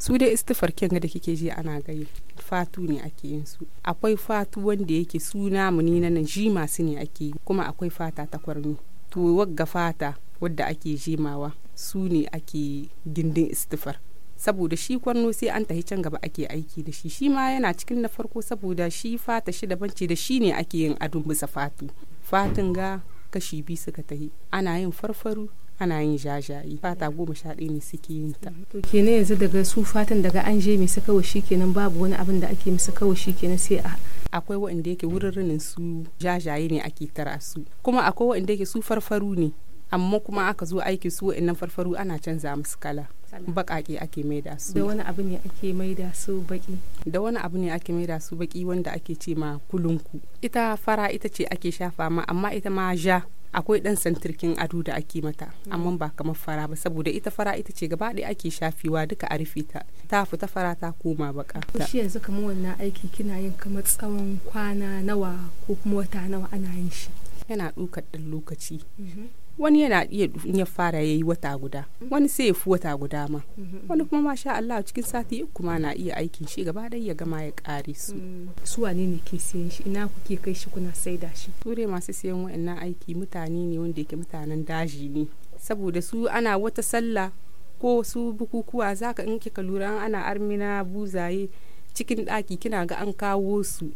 su dai istifar kin da kike ji ana gayi fatu ne ake yin su akwai fatu wanda yake suna mu ni nan ji masu ne ake kuma akwai fata ta kwarni to wagga fata wadda ake jimawa su ne ake gindin istifar saboda shi kwarno sai an tahi can gaba ake aiki da shi shi ma yana cikin na farko saboda shi fata shi daban ce da shi ne ake yin adun bisa fatu fatin ga kashi biyu suka tahi ana yin farfaru ana yin jajayi fata goma sha ɗaya ne suke yin ta. to kenan yanzu daga su fatan daga an je mai kawai shi kenan babu wani abin da ake masa kawai shi kenan sai a akwai waɗanda yake wurin su jajaye ne ake tara su kuma akwai waɗanda yake su farfaru ne amma kuma aka zo aiki su wa'annan farfaru ana canza musu kala baƙaƙe ake maida su da wani abu ne ake maida su baƙi da wani abu ne ake maida su baƙi wanda ake ce ma kulunku ita fara ita ce ake shafa ma amma ita ma ja akwai ɗan santirkin ado da ake mata hmm. amma ba kamar fara ba saboda ita fara ita ce gaba ɗaya ake shafewa duka a rufe ta ta fita fara ta koma baka shi yanzu kamar wannan aiki kina yin kamar tsawon kwana nawa ko kuma wata nawa ana yin shi yana ɗaukar ɗan lokaci mhm. wani yana iya ya fara yayi wata guda wani sai ya fi wata guda ma wani kuma masha Allah cikin sati kuma na iya aikin shi gaba ɗaya ya gama ya kare su mm. su wane ne ke siyan shi ina kuke kai shi kuna saida shi ture masu siyan wa'annan aiki mutane ne wanda yake mutanen daji ne saboda su ana wata sallah ko su bukukuwa zaka in kika lura ana armina buzaye cikin ɗaki kina ga an kawo su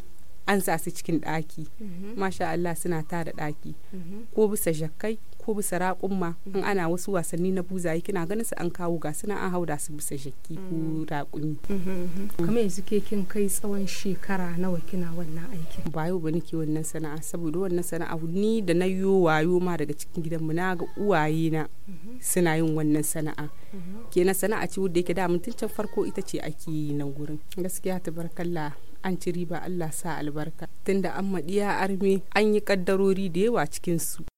an sa su cikin ɗaki mhm. masha Allah suna tara ɗaki mhm. ko bisa jakkai ko bisa raƙumma in mhm. ana wasu wasanni na buzaye kina ganin su an kawo ga suna an hauda su bisa jakki ko raƙumi mm. kamar yanzu ke kin kai tsawon shekara nawa kina wannan aiki. ba yau ba nake wannan sana'a saboda wannan sana'a ni da na yo wayo ma daga cikin gidanmu na ga uwaye na suna yin wannan sana'a kenan sana'a ce wanda yake da mutuncin farko ita ce ake yi nan gurin gaskiya tabarkalla an ci riba Allah sa albarka tunda an maɗiya arme an yi ƙaddarori da yawa cikinsu